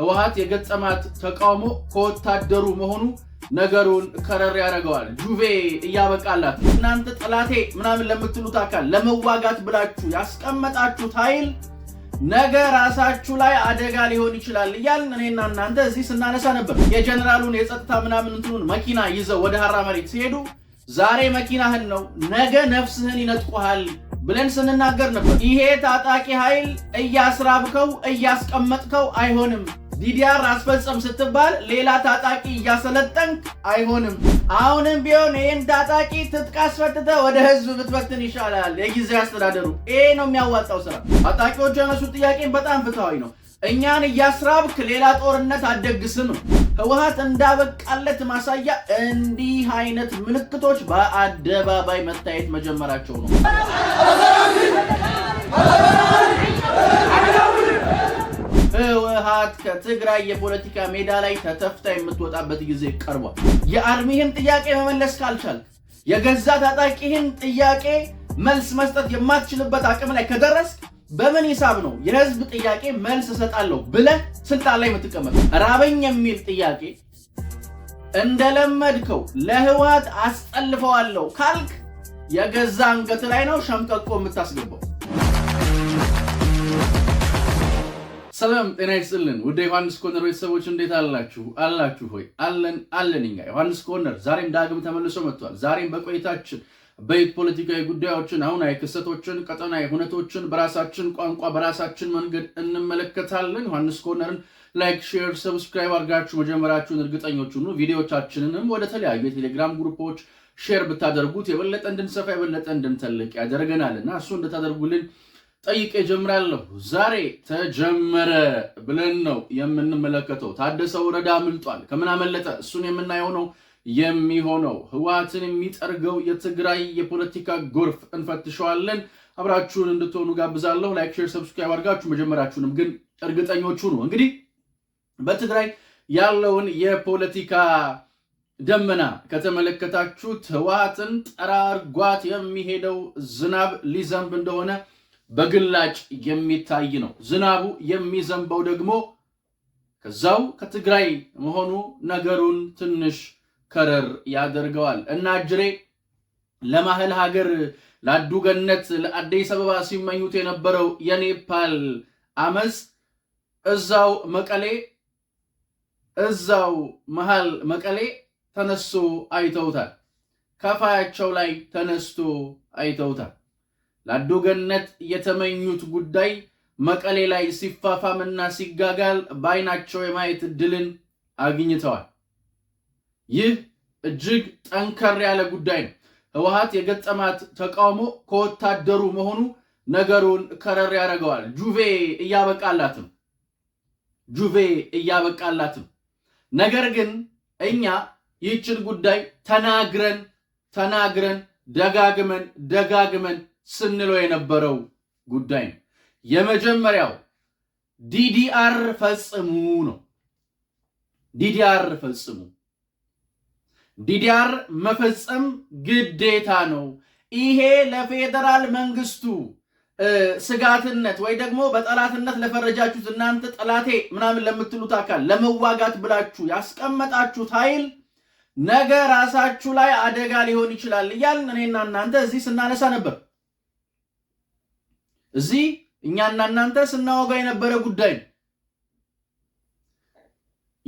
ህወሓት የገጠማት ተቃውሞ ከወታደሩ መሆኑ ነገሩን ከረር ያደርገዋል። ጁቬ እያበቃላት እናንተ ጠላቴ ምናምን ለምትሉት አካል ለመዋጋት ብላችሁ ያስቀመጣችሁት ኃይል ነገ ራሳችሁ ላይ አደጋ ሊሆን ይችላል እያልን እኔና እናንተ እዚህ ስናነሳ ነበር። የጀኔራሉን የጸጥታ ምናምን እንትኑን መኪና ይዘው ወደ ሀራ መሬት ሲሄዱ ዛሬ መኪናህን ነው ነገ ነፍስህን ይነጥቁሃል ብለን ስንናገር ነበር። ይሄ ታጣቂ ኃይል እያስራብከው እያስቀመጥከው አይሆንም ዲዲአር አስፈጽም ስትባል ሌላ ታጣቂ እያሰለጠንክ አይሆንም። አሁንም ቢሆን ይህን ታጣቂ ትጥቅ አስፈትተ ወደ ህዝብ ብትበትን ይሻላል። የጊዜ አስተዳደሩ ይሄ ነው የሚያዋጣው ስራ። ታጣቂዎቹ ያነሱት ጥያቄን በጣም ፍትሐዊ ነው። እኛን እያስራብክ ሌላ ጦርነት አደግስም። ህወሀት እንዳበቃለት ማሳያ እንዲህ አይነት ምልክቶች በአደባባይ መታየት መጀመራቸው ነው። ህወሓት ከትግራይ የፖለቲካ ሜዳ ላይ ተተፍታ የምትወጣበት ጊዜ ቀርቧል። የአርሚህን ጥያቄ መመለስ ካልቻልክ የገዛ ታጣቂህን ጥያቄ መልስ መስጠት የማትችልበት አቅም ላይ ከደረስ በምን ሂሳብ ነው የህዝብ ጥያቄ መልስ እሰጣለሁ ብለህ ስልጣን ላይ የምትቀመጥ? ራበኝ የሚል ጥያቄ እንደለመድከው ለህወሓት አስጠልፈዋለሁ ካልክ የገዛ አንገት ላይ ነው ሸምቀቆ የምታስገባው። ሰላም ጤና ይስጥልን ወደ ዮሐንስ ኮርነር ቤተሰቦች እንዴት አላችሁ? አላችሁ ሆይ አለን አለን። እኛ ዮሐንስ ኮርነር ዛሬም ዳግም ተመልሶ መጥቷል። ዛሬም በቆይታችን በይት ፖለቲካዊ ጉዳዮችን፣ አሁናዊ ክስተቶችን፣ ቀጠናዊ ሁነቶችን በራሳችን ቋንቋ በራሳችን መንገድ እንመለከታለን። ዮሐንስ ኮርነርን ላይክ፣ ሼር፣ ሰብስክራይብ አድርጋችሁ መጀመራችሁን እርግጠኞች ሁኑ። ቪዲዮቻችንንም ወደ ተለያዩ የቴሌግራም ግሩፖች ሼር ብታደርጉት የበለጠ እንድንሰፋ የበለጠ እንድንተልቅ ያደርገናል እና እሱ እንድታደርጉልን ጠይቄ ጀምራለሁ ዛሬ ተጀመረ ብለን ነው የምንመለከተው። ታደሰ ወረዳ አምልጧል። ከምን አመለጠ? እሱን የምናየው ነው የሚሆነው። ህወሓትን የሚጠርገው የትግራይ የፖለቲካ ጎርፍ እንፈትሸዋለን። አብራችሁን እንድትሆኑ ጋብዛለሁ። ላይክ፣ ሼር፣ ሰብስክራይብ አድርጋችሁ መጀመራችሁንም ግን እርግጠኞቹ ነው እንግዲህ በትግራይ ያለውን የፖለቲካ ደመና ከተመለከታችሁት ህወሓትን ጠራርጓት የሚሄደው ዝናብ ሊዘንብ እንደሆነ በግላጭ የሚታይ ነው። ዝናቡ የሚዘንበው ደግሞ ከዛው ከትግራይ መሆኑ ነገሩን ትንሽ ከረር ያደርገዋል እና እጅሬ ለማህል ሀገር ለአዱ ገነት ለአዲስ አበባ ሲመኙት የነበረው የኔፓል አመፅ እዛው መቀሌ እዛው መሃል መቀሌ ተነስቶ አይተውታል። ከፋያቸው ላይ ተነስቶ አይተውታል። ለአዶገነት የተመኙት ጉዳይ መቀሌ ላይ ሲፋፋምና ሲጋጋል በአይናቸው የማየት እድልን አግኝተዋል። ይህ እጅግ ጠንከር ያለ ጉዳይ ነው። ህወሓት የገጠማት ተቃውሞ ከወታደሩ መሆኑ ነገሩን ከረር ያደርገዋል። ጁቬ እያበቃላትም ጁቬ እያበቃላትም። ነገር ግን እኛ ይህችን ጉዳይ ተናግረን ተናግረን ደጋግመን ደጋግመን ስንለው የነበረው ጉዳይ ነው። የመጀመሪያው ዲዲአር ፈጽሙ ነው። ዲዲአር ፈጽሙ። ዲዲአር መፈጸም ግዴታ ነው። ይሄ ለፌዴራል መንግስቱ ስጋትነት ወይ ደግሞ በጠላትነት ለፈረጃችሁት እናንተ ጠላቴ ምናምን ለምትሉት አካል ለመዋጋት ብላችሁ ያስቀመጣችሁት ኃይል ነገ ራሳችሁ ላይ አደጋ ሊሆን ይችላል እያልን እኔና እናንተ እዚህ ስናነሳ ነበር። እዚህ እኛና እናንተ ስናወጋ የነበረ ጉዳይ ነው።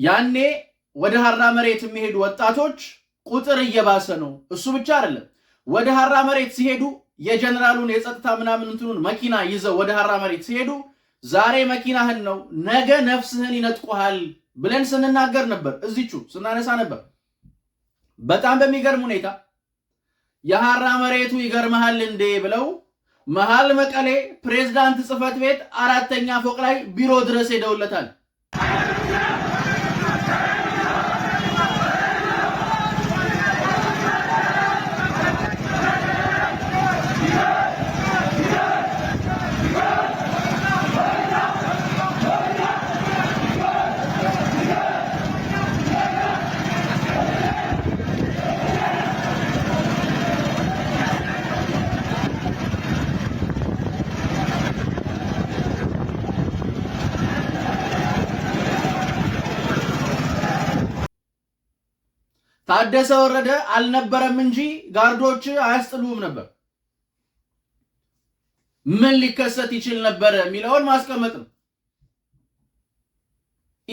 ያኔ ወደ ሀራ መሬት የሚሄዱ ወጣቶች ቁጥር እየባሰ ነው። እሱ ብቻ አይደለም። ወደ ሀራ መሬት ሲሄዱ የጀነራሉን የጸጥታ ምናምን እንትኑን መኪና ይዘው ወደ ሀራ መሬት ሲሄዱ ዛሬ መኪናህን ነው ነገ ነፍስህን ይነጥቁሃል ብለን ስንናገር ነበር፣ እዚቹ ስናነሳ ነበር። በጣም በሚገርም ሁኔታ የሀራ መሬቱ ይገርመሃል እንዴ ብለው መሃል መቀሌ ፕሬዝዳንት ጽህፈት ቤት አራተኛ ፎቅ ላይ ቢሮ ድረስ ሄደውለታል። ታደሰ ወረደ አልነበረም እንጂ ጋርዶች አያስጥሉም ነበር። ምን ሊከሰት ይችል ነበር የሚለውን ማስቀመጥ ነው።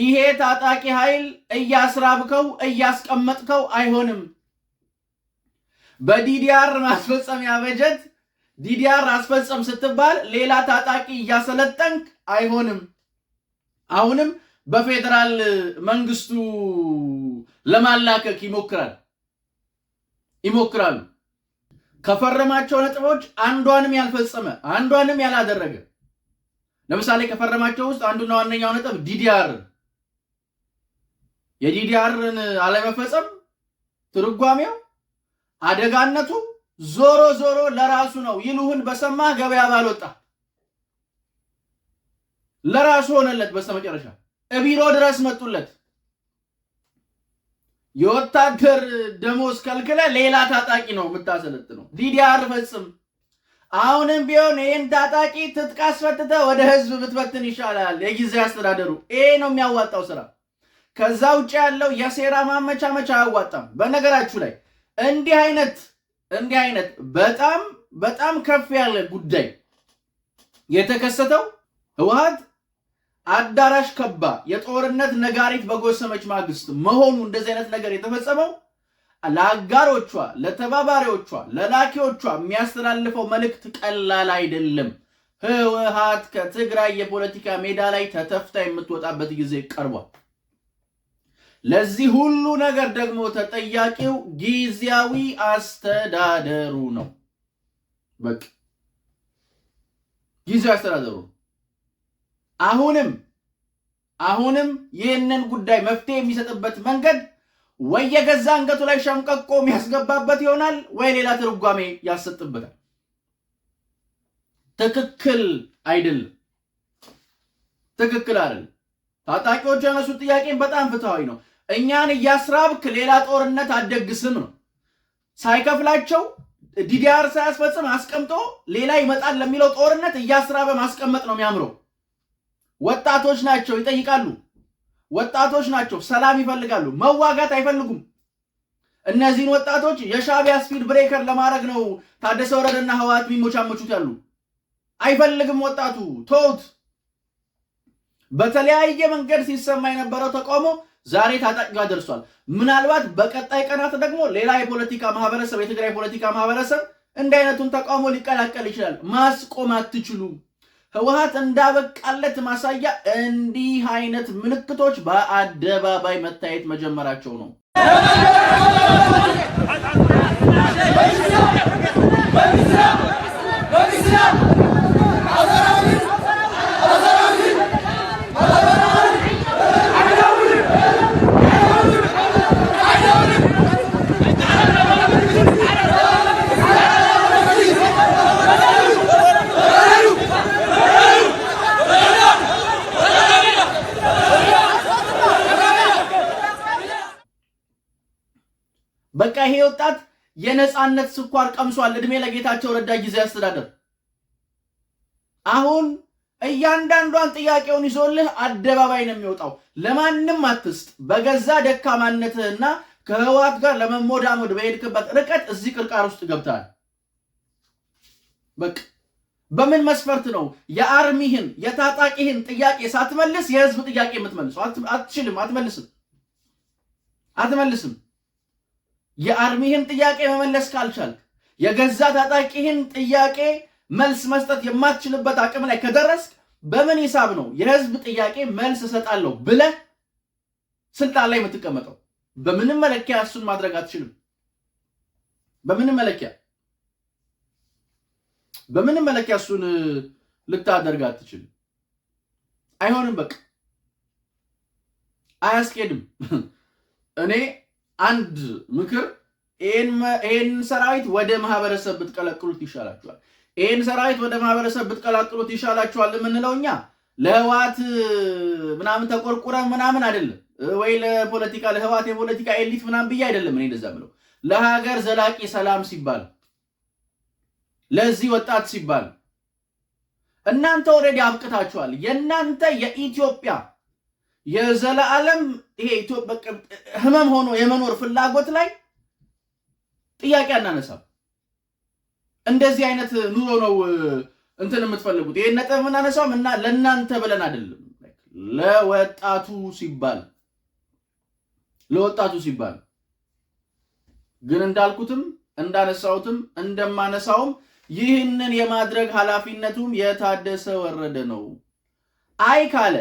ይሄ ታጣቂ ኃይል እያስራብከው እያስቀመጥከው አይሆንም። በዲዲአር ማስፈጸሚያ በጀት ዲዲአር አስፈጸም ስትባል ሌላ ታጣቂ እያሰለጠንክ አይሆንም። አሁንም በፌዴራል መንግስቱ ለማላከክ ይሞክራል ይሞክራሉ። ከፈረማቸው ነጥቦች አንዷንም ያልፈጸመ አንዷንም ያላደረገ ለምሳሌ ከፈረማቸው ውስጥ አንዱና ዋነኛው ነጥብ ዲዲአር የዲዲአርን አለመፈጸም ትርጓሜው አደጋነቱ ዞሮ ዞሮ ለራሱ ነው። ይልሁን በሰማ ገበያ ባልወጣ ለራሱ ሆነለት በስተመጨረሻ ቢሮ ድረስ መጡለት። የወታደር ደሞዝ ከልክለ ሌላ ታጣቂ ነው የምታሰለጥነው። ዲዲአር ፈጽም። አሁንም ቢሆን ይህን ታጣቂ ትጥቅ አስፈትተ ወደ ህዝብ ብትበትን ይሻላል። የጊዜ አስተዳደሩ ይሄ ነው የሚያዋጣው ስራ። ከዛ ውጭ ያለው የሴራ ማመቻመቻ አያዋጣም። በነገራችሁ ላይ እንዲህ አይነት እንዲህ አይነት በጣም በጣም ከፍ ያለ ጉዳይ የተከሰተው ህወሓት አዳራሽ ከባ የጦርነት ነጋሪት በጎሰመች ማግስት መሆኑ እንደዚህ አይነት ነገር የተፈጸመው ለአጋሮቿ፣ ለተባባሪዎቿ፣ ለላኪዎቿ የሚያስተላልፈው መልእክት ቀላል አይደለም። ህወሓት ከትግራይ የፖለቲካ ሜዳ ላይ ተተፍታ የምትወጣበት ጊዜ ቀርቧል። ለዚህ ሁሉ ነገር ደግሞ ተጠያቂው ጊዜያዊ አስተዳደሩ ነው። በቃ ጊዜያዊ አስተዳደሩ አሁንም አሁንም ይህንን ጉዳይ መፍትሄ የሚሰጥበት መንገድ ወይ የገዛ አንገቱ ላይ ሸምቀቆ የሚያስገባበት ይሆናል ወይ ሌላ ትርጓሜ ያሰጥበታል። ትክክል አይደለም፣ ትክክል አይደለም። ታጣቂዎች ያነሱት ጥያቄን በጣም ፍትሐዊ ነው። እኛን እያስራብክ ሌላ ጦርነት አደግስም ነው። ሳይከፍላቸው ዲዲአር ሳያስፈጽም አስቀምጦ ሌላ ይመጣል ለሚለው ጦርነት እያስራበ ማስቀመጥ ነው የሚያምረው። ወጣቶች ናቸው ይጠይቃሉ። ወጣቶች ናቸው ሰላም ይፈልጋሉ፣ መዋጋት አይፈልጉም። እነዚህን ወጣቶች የሻቢያ ስፒድ ብሬከር ለማድረግ ነው ታደሰ ወረደና ህወሓት የሚሞቻመቹት ያሉ። አይፈልግም ወጣቱ ተውት። በተለያየ መንገድ ሲሰማ የነበረው ተቃውሞ ዛሬ ታጣቂ ጋር ደርሷል። ምናልባት በቀጣይ ቀናት ደግሞ ሌላ የፖለቲካ ማህበረሰብ የትግራይ ፖለቲካ ማህበረሰብ እንዲህ አይነቱን ተቃውሞ ሊቀላቀል ይችላል። ማስቆም አትችሉም። ህወሀት እንዳበቃለት ማሳያ እንዲህ አይነት ምልክቶች በአደባባይ መታየት መጀመራቸው ነው። የነፃነት ስኳር ቀምሷል። እድሜ ለጌታቸው ረዳ ጊዜ አስተዳደር አሁን እያንዳንዷን ጥያቄውን ይዞልህ አደባባይ ነው የሚወጣው። ለማንም አትስጥ። በገዛ ደካማነትህና ከህወሓት ጋር ለመሞዳሞድ በሄድክበት ርቀት እዚህ ቅርቃር ውስጥ ገብተሃል። በቃ በምን መስፈርት ነው የአርሚህን የታጣቂህን ጥያቄ ሳትመልስ የህዝብ ጥያቄ የምትመልሰው? አትችልም። አትመልስም። አትመልስም። የአርሚህን ጥያቄ መመለስ ካልቻልክ የገዛ ታጣቂህን ጥያቄ መልስ መስጠት የማትችልበት አቅም ላይ ከደረስክ በምን ሂሳብ ነው የህዝብ ጥያቄ መልስ እሰጣለሁ ብለህ ስልጣን ላይ የምትቀመጠው? በምንም መለኪያ እሱን ማድረግ አትችልም። በምንም መለኪያ በምንም መለኪያ እሱን ልታደርግ አትችልም። አይሆንም፣ በቃ አያስኬድም። እኔ አንድ ምክር ይህን ሰራዊት ወደ ማህበረሰብ ብትቀላቅሉት ይሻላችኋል። ይህን ሰራዊት ወደ ማህበረሰብ ብትቀላቅሉት ይሻላችኋል የምንለው እኛ ለህዋት ምናምን ተቆርቁረ ምናምን አይደለም፣ ወይ ለፖለቲካ ለህዋት የፖለቲካ ኤሊት ምናምን ብዬ አይደለም። እኔ እንደዛ ምለው ለሀገር ዘላቂ ሰላም ሲባል ለዚህ ወጣት ሲባል እናንተ ኦልሬዲ አብቅታችኋል። የእናንተ የኢትዮጵያ የዘላለም ይሄ ህመም ሆኖ የመኖር ፍላጎት ላይ ጥያቄ አናነሳም። እንደዚህ አይነት ኑሮ ነው እንትን የምትፈልጉት። ይሄን ነጥብ የምናነሳውም እና ለእናንተ ብለን አይደለም፣ ለወጣቱ ሲባል ለወጣቱ ሲባል ግን እንዳልኩትም እንዳነሳሁትም እንደማነሳውም ይህንን የማድረግ ኃላፊነቱም የታደሰ ወረደ ነው። አይ ካለ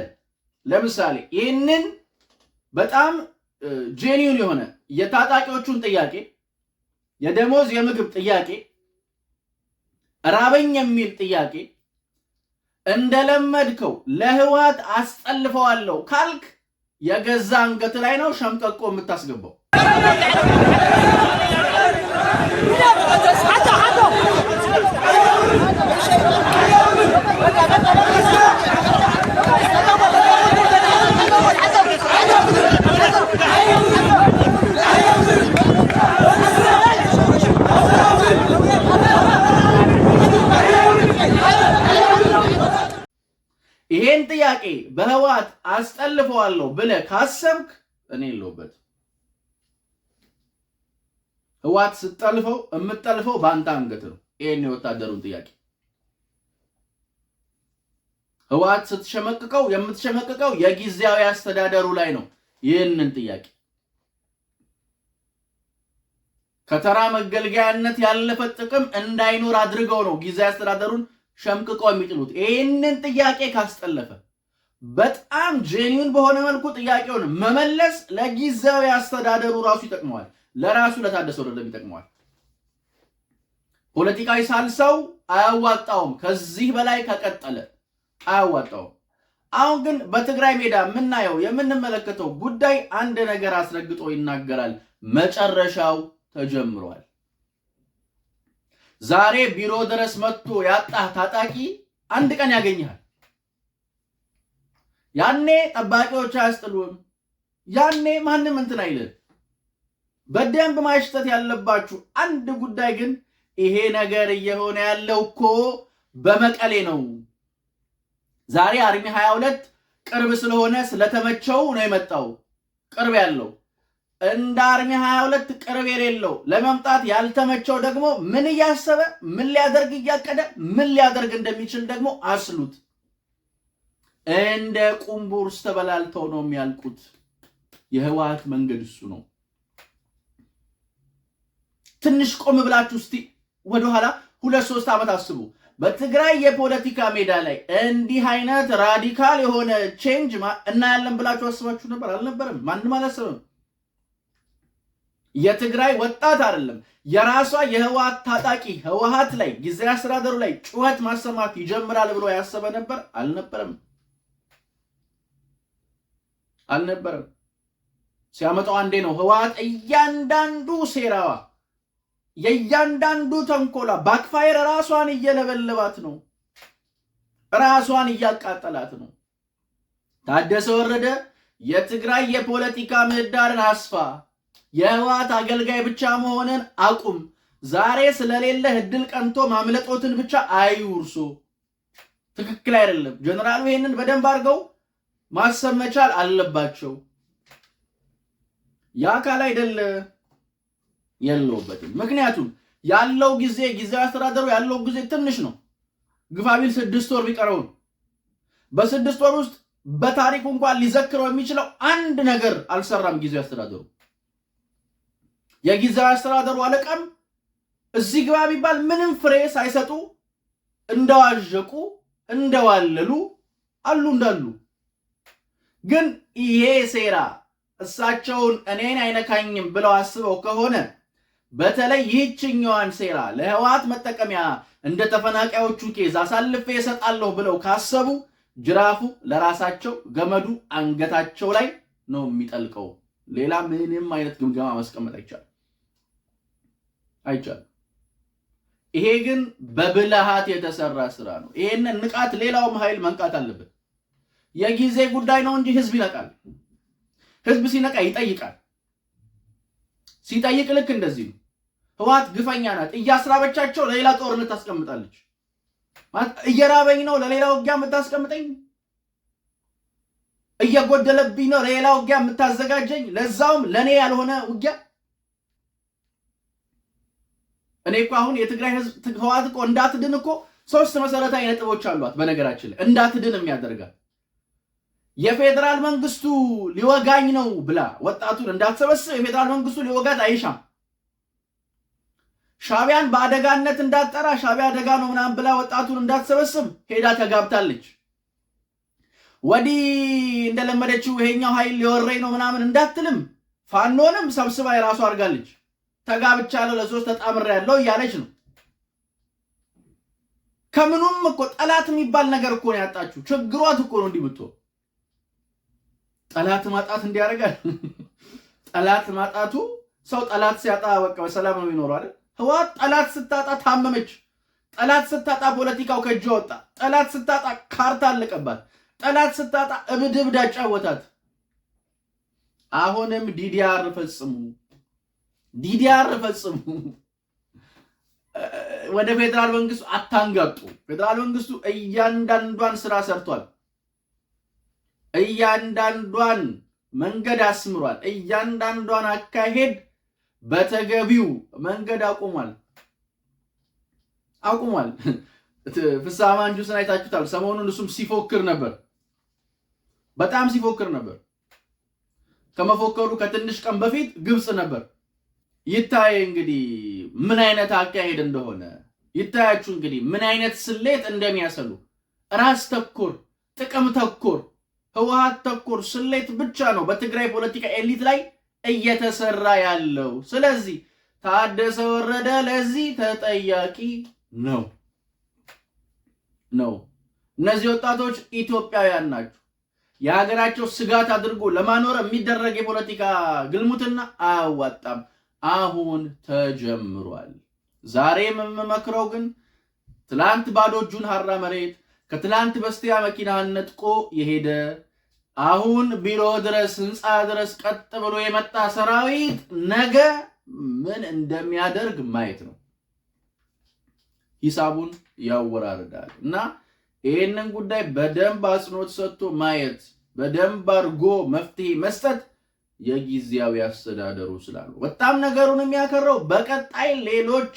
ለምሳሌ ይህንን በጣም ጄኒውን የሆነ የታጣቂዎቹን ጥያቄ የደሞዝ የምግብ ጥያቄ ራበኝ የሚል ጥያቄ እንደለመድከው ለህዋት አስጠልፈዋለሁ ካልክ የገዛ አንገት ላይ ነው ሸምቀቆ የምታስገባው። በህወሓት አስጠልፈዋለሁ ብለህ ካሰብክ እኔ የለሁበት። ህወሓት ስጠልፈው የምጠልፈው በአንተ አንገት ነው። ይሄን የወታደሩን ጥያቄ ህወሓት ስትሸመቅቀው የምትሸመቅቀው የጊዜያዊ አስተዳደሩ ላይ ነው። ይህንን ጥያቄ ከተራ መገልገያነት ያለፈ ጥቅም እንዳይኖር አድርገው ነው ጊዜያዊ አስተዳደሩን ሸምቅቀው የሚጥሉት። ይህንን ጥያቄ ካስጠለፈ በጣም ጄኒውን በሆነ መልኩ ጥያቄውን መመለስ ለጊዜያዊ አስተዳደሩ ራሱ ይጠቅመዋል፣ ለራሱ ለታደሰ ወረደም ይጠቅመዋል። ፖለቲካዊ ሳልሰው አያዋጣውም፣ ከዚህ በላይ ከቀጠለ አያዋጣውም። አሁን ግን በትግራይ ሜዳ የምናየው የምንመለከተው ጉዳይ አንድ ነገር አስረግጦ ይናገራል። መጨረሻው ተጀምሯል። ዛሬ ቢሮ ድረስ መጥቶ ያጣህ ታጣቂ አንድ ቀን ያገኝሃል። ያኔ ጠባቂዎች አያስጥሉም። ያኔ ማንም እንትን አይልም። በደንብ ማሽተት ያለባችሁ አንድ ጉዳይ ግን ይሄ ነገር እየሆነ ያለው እኮ በመቀሌ ነው። ዛሬ አርሚ 22 ቅርብ ስለሆነ ስለተመቸው ነው የመጣው። ቅርብ ያለው እንደ አርሚ 22 ቅርብ የሌለው ለመምጣት ያልተመቸው ደግሞ ምን እያሰበ ምን ሊያደርግ እያቀደ ምን ሊያደርግ እንደሚችል ደግሞ አስሉት። እንደ ቁምቡርስ ተበላልተው ነው የሚያልቁት። የህወሓት መንገድ እሱ ነው። ትንሽ ቆም ብላችሁ እስቲ ወደኋላ ሁለት ሶስት ዓመት አስቡ። በትግራይ የፖለቲካ ሜዳ ላይ እንዲህ አይነት ራዲካል የሆነ ቼንጅ እናያለን ብላችሁ አስባችሁ ነበር? አልነበረም። ማንም አላሰበም። የትግራይ ወጣት አይደለም የራሷ የህወሀት ታጣቂ ህወሀት ላይ ጊዜያዊ አስተዳደሩ ላይ ጩኸት ማሰማት ይጀምራል ብሎ ያሰበ ነበር? አልነበረም። አልነበረም። ሲያመጣው አንዴ ነው። ህወሓት እያንዳንዱ ሴራዋ፣ የእያንዳንዱ ተንኮላ ባክፋየር ራሷን እየለበለባት ነው፣ ራሷን እያቃጠላት ነው። ታደሰ ወረደ የትግራይ የፖለቲካ ምህዳርን አስፋ፣ የህወሓት አገልጋይ ብቻ መሆንን አቁም፣ ዛሬ ስለሌለህ እድል ቀንቶ ማምለጦትን ብቻ አይውርሶ። ትክክል አይደለም። ጀነራሉ ይሄንን በደንብ አድርገው ማሰብ መቻል አለባቸው። የአካል አይደለ የለውበትም። ምክንያቱም ያለው ጊዜ ጊዜያዊ አስተዳደሩ ያለው ጊዜ ትንሽ ነው። ግፋቢል ስድስት ወር ቢቀረውን በስድስት ወር ውስጥ በታሪኩ እንኳን ሊዘክረው የሚችለው አንድ ነገር አልሰራም ጊዜያዊ አስተዳደሩ። የጊዜያዊ አስተዳደሩ አለቀም እዚህ ግባ ቢባል ምንም ፍሬ ሳይሰጡ እንደዋዠቁ እንደዋለሉ አሉ እንዳሉ ግን ይሄ ሴራ እሳቸውን እኔን አይነካኝም ብለው አስበው ከሆነ በተለይ ይህችኛዋን ሴራ ለህወሓት መጠቀሚያ እንደ ተፈናቃዮቹ ኬዝ አሳልፌ እሰጣለሁ ብለው ካሰቡ ጅራፉ ለራሳቸው ገመዱ አንገታቸው ላይ ነው የሚጠልቀው። ሌላ ምንም አይነት ግምገማ ማስቀመጥ አይቻል አይቻል። ይሄ ግን በብልሃት የተሰራ ስራ ነው። ይሄንን ንቃት ሌላውም ኃይል መንቃት አለበት። የጊዜ ጉዳይ ነው እንጂ ህዝብ ይነቃል። ህዝብ ሲነቃ ይጠይቃል። ሲጠይቅ ልክ እንደዚህ ነው። ህወሓት ግፈኛ ናት፣ እያስራበቻቸው ለሌላ ጦርነት ታስቀምጣለች። እየራበኝ ነው ለሌላ ውጊያ የምታስቀምጠኝ፣ እየጎደለብኝ ነው ለሌላ ውጊያ የምታዘጋጀኝ፣ ለዛውም ለእኔ ያልሆነ ውጊያ። እኔ እኮ አሁን የትግራይ ህዝብ ህወሓት እኮ እንዳትድን እኮ ሶስት መሰረታዊ ነጥቦች አሏት። በነገራችን ላይ እንዳትድን የሚያደርጋል የፌዴራል መንግስቱ ሊወጋኝ ነው ብላ ወጣቱን እንዳትሰበስብ የፌዴራል መንግስቱ ሊወጋት አይሻም። ሻቢያን በአደጋነት እንዳትጠራ ሻቢያ አደጋ ነው ምናምን ብላ ወጣቱን እንዳትሰበስብ ሄዳ ተጋብታለች። ወዲህ እንደለመደችው ይሄኛው ኃይል ሊወረኝ ነው ምናምን እንዳትልም ፋኖንም ሰብስባ የራሱ አድርጋለች። ተጋብቻለሁ ለሶስት ያለው እያለች ነው። ከምኑም እኮ ጠላት የሚባል ነገር እኮ ነው ያጣችሁ። ችግሯት እኮ ነው እንዲህ የምትሆን ጠላት ማጣት እንዲያደርጋል። ጠላት ማጣቱ ሰው ጠላት ሲያጣ በቃ በሰላም ነው አይደል? ህወሓት ጠላት ስታጣ ታመመች። ጠላት ስታጣ ፖለቲካው ከእጅ ወጣ። ጠላት ስታጣ ካርታ አለቀባት። ጠላት ስታጣ እብድ እብድ አጫወታት። አሁንም ዲዲአር ፈጽሙ፣ ዲዲአር ፈጽሙ። ወደ ፌዴራል መንግስቱ አታንጋጡ። ፌዴራል መንግስቱ እያንዳንዷን ስራ ሰርቷል። እያንዳንዷን መንገድ አስምሯል። እያንዳንዷን አካሄድ በተገቢው መንገድ አቁሟል አቁሟል። ፍስሐ ማንጁስን አይታችሁታል። ሰሞኑን እሱም ሲፎክር ነበር፣ በጣም ሲፎክር ነበር። ከመፎከሩ ከትንሽ ቀን በፊት ግብፅ ነበር። ይታይ እንግዲህ ምን አይነት አካሄድ እንደሆነ ይታያችሁ እንግዲህ ምን አይነት ስሌት እንደሚያሰሉ ራስ ተኮር ጥቅም ተኮር ህወሀት ተኮር ስሌት ብቻ ነው በትግራይ ፖለቲካ ኤሊት ላይ እየተሰራ ያለው። ስለዚህ ታደሰ ወረደ ለዚህ ተጠያቂ ነው ነው። እነዚህ ወጣቶች ኢትዮጵያውያን ናቸው። የሀገራቸው ስጋት አድርጎ ለማኖር የሚደረግ የፖለቲካ ግልሙትና አያዋጣም። አሁን ተጀምሯል። ዛሬ የምመክረው ግን ትላንት ባዶ እጁን ሀራ መሬት ከትላንት በስቲያ መኪና ነጥቆ የሄደ አሁን ቢሮ ድረስ ህንፃ ድረስ ቀጥ ብሎ የመጣ ሰራዊት ነገ ምን እንደሚያደርግ ማየት ነው። ሂሳቡን ያወራርዳል እና ይህንን ጉዳይ በደንብ አጽንኦት ሰጥቶ ማየት በደንብ አድርጎ መፍትሄ መስጠት የጊዜያዊ አስተዳደሩ ስላሉ በጣም ነገሩን የሚያከረው በቀጣይ ሌሎች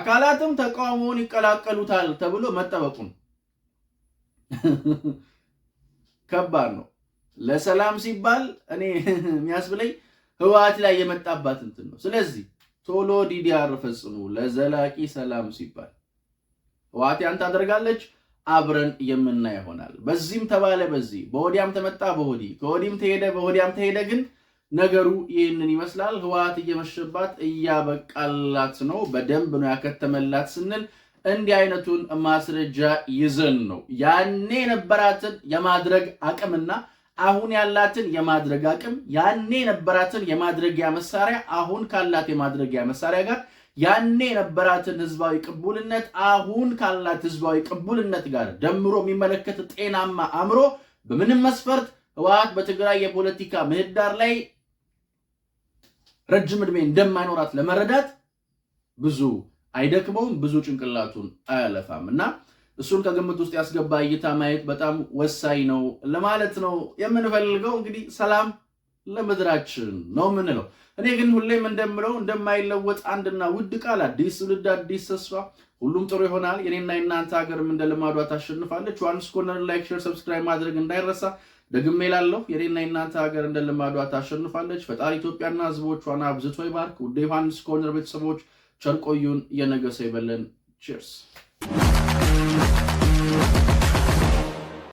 አካላትም ተቃውሞውን ይቀላቀሉታል ተብሎ መጠበቁ ነው። ከባድ ነው። ለሰላም ሲባል እኔ የሚያስብለኝ ህወሓት ላይ የመጣባት እንትን ነው። ስለዚህ ቶሎ ዲዲአር ፈጽሙ ለዘላቂ ሰላም ሲባል ህወሓት ያን ታደርጋለች። አብረን የምና ይሆናል። በዚህም ተባለ በዚህ በወዲያም ተመጣ በወዲህ ከወዲህም ተሄደ በወዲያም ተሄደ፣ ግን ነገሩ ይህንን ይመስላል። ህወሓት እየመሸባት እያበቃላት ነው። በደንብ ነው ያከተመላት ስንል እንዲህ አይነቱን ማስረጃ ይዘን ነው ያኔ የነበራትን የማድረግ አቅምና አሁን ያላትን የማድረግ አቅም ያኔ የነበራትን የማድረጊያ መሳሪያ አሁን ካላት የማድረጊያ መሳሪያ ጋር ያኔ የነበራትን ህዝባዊ ቅቡልነት አሁን ካላት ህዝባዊ ቅቡልነት ጋር ደምሮ የሚመለከት ጤናማ አእምሮ በምንም መስፈርት ህወሓት በትግራይ የፖለቲካ ምህዳር ላይ ረጅም ዕድሜ እንደማይኖራት ለመረዳት ብዙ አይደክመውም፣ ብዙ ጭንቅላቱን አያለፋም እና እሱን ከግምት ውስጥ ያስገባ እይታ ማየት በጣም ወሳኝ ነው ለማለት ነው የምንፈልገው። እንግዲህ ሰላም ለምድራችን ነው የምንለው። እኔ ግን ሁሌም እንደምለው እንደማይለወጥ አንድና ውድ ቃል አዲስ ትውልድ አዲስ ተስፋ፣ ሁሉም ጥሩ ይሆናል። የኔና የናንተ ሀገርም እንደ ልማዷ ታሸንፋለች። ዮሐንስ ኮርነር ላይክ፣ ሼር፣ ሰብስክራይብ ማድረግ እንዳይረሳ። ደግሜ ላለሁ የኔና የናንተ ሀገር እንደ ልማዷ ታሸንፋለች። ፈጣሪ ኢትዮጵያና ህዝቦቿን አብዝቶ ይባርክ። ውድ ዮሐንስ ኮርነር ቤተሰቦች ቸርቆዩን የነገሰ ይበለን። ቺርስ